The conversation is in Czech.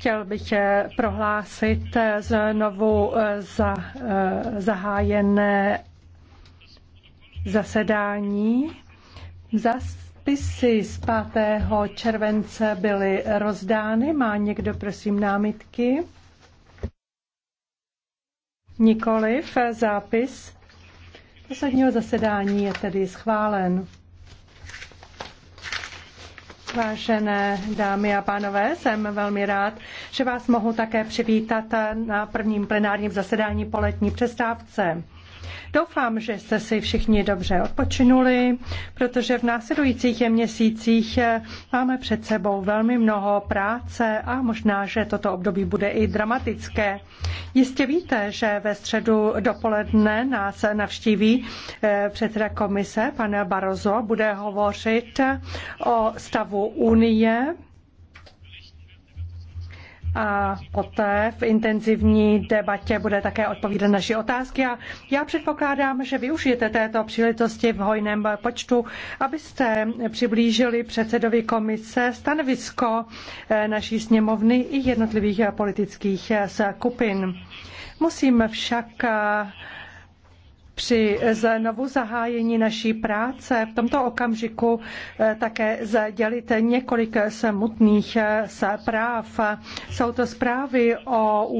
Chtěl bych eh, prohlásit eh, znovu eh, za zahájené zasedání. Zaspisy z 5. července byly rozdány. Má někdo, prosím, námitky? Nikoliv zápis. Posledního zasedání je tedy schválen. Vážené dámy a pánové, jsem velmi rád, že vás mohu také přivítat na prvním plenárním zasedání po letní přestávce. Doufám, že jste si všichni dobře odpočinuli, protože v následujících měsících eh, máme před sebou velmi mnoho práce a možná, že toto období bude i dramatické. Jistě víte, že ve středu dopoledne nás navštíví eh, předseda komise, pan Barozo, bude hovořit o stavu Unie a poté v intenzivní debatě bude také odpovídat naše otázky a já předpokládám, že využijete této příležitosti v hojném počtu, abyste přiblížili předsedovi komise stanovisko eh, naší sněmovny i jednotlivých politických eh, skupin. Musím však eh, při eh, znovu zahájení naší práce v tomto okamžiku eh, také sdělit několik smutných eh, zpráv. Jsou to zprávy o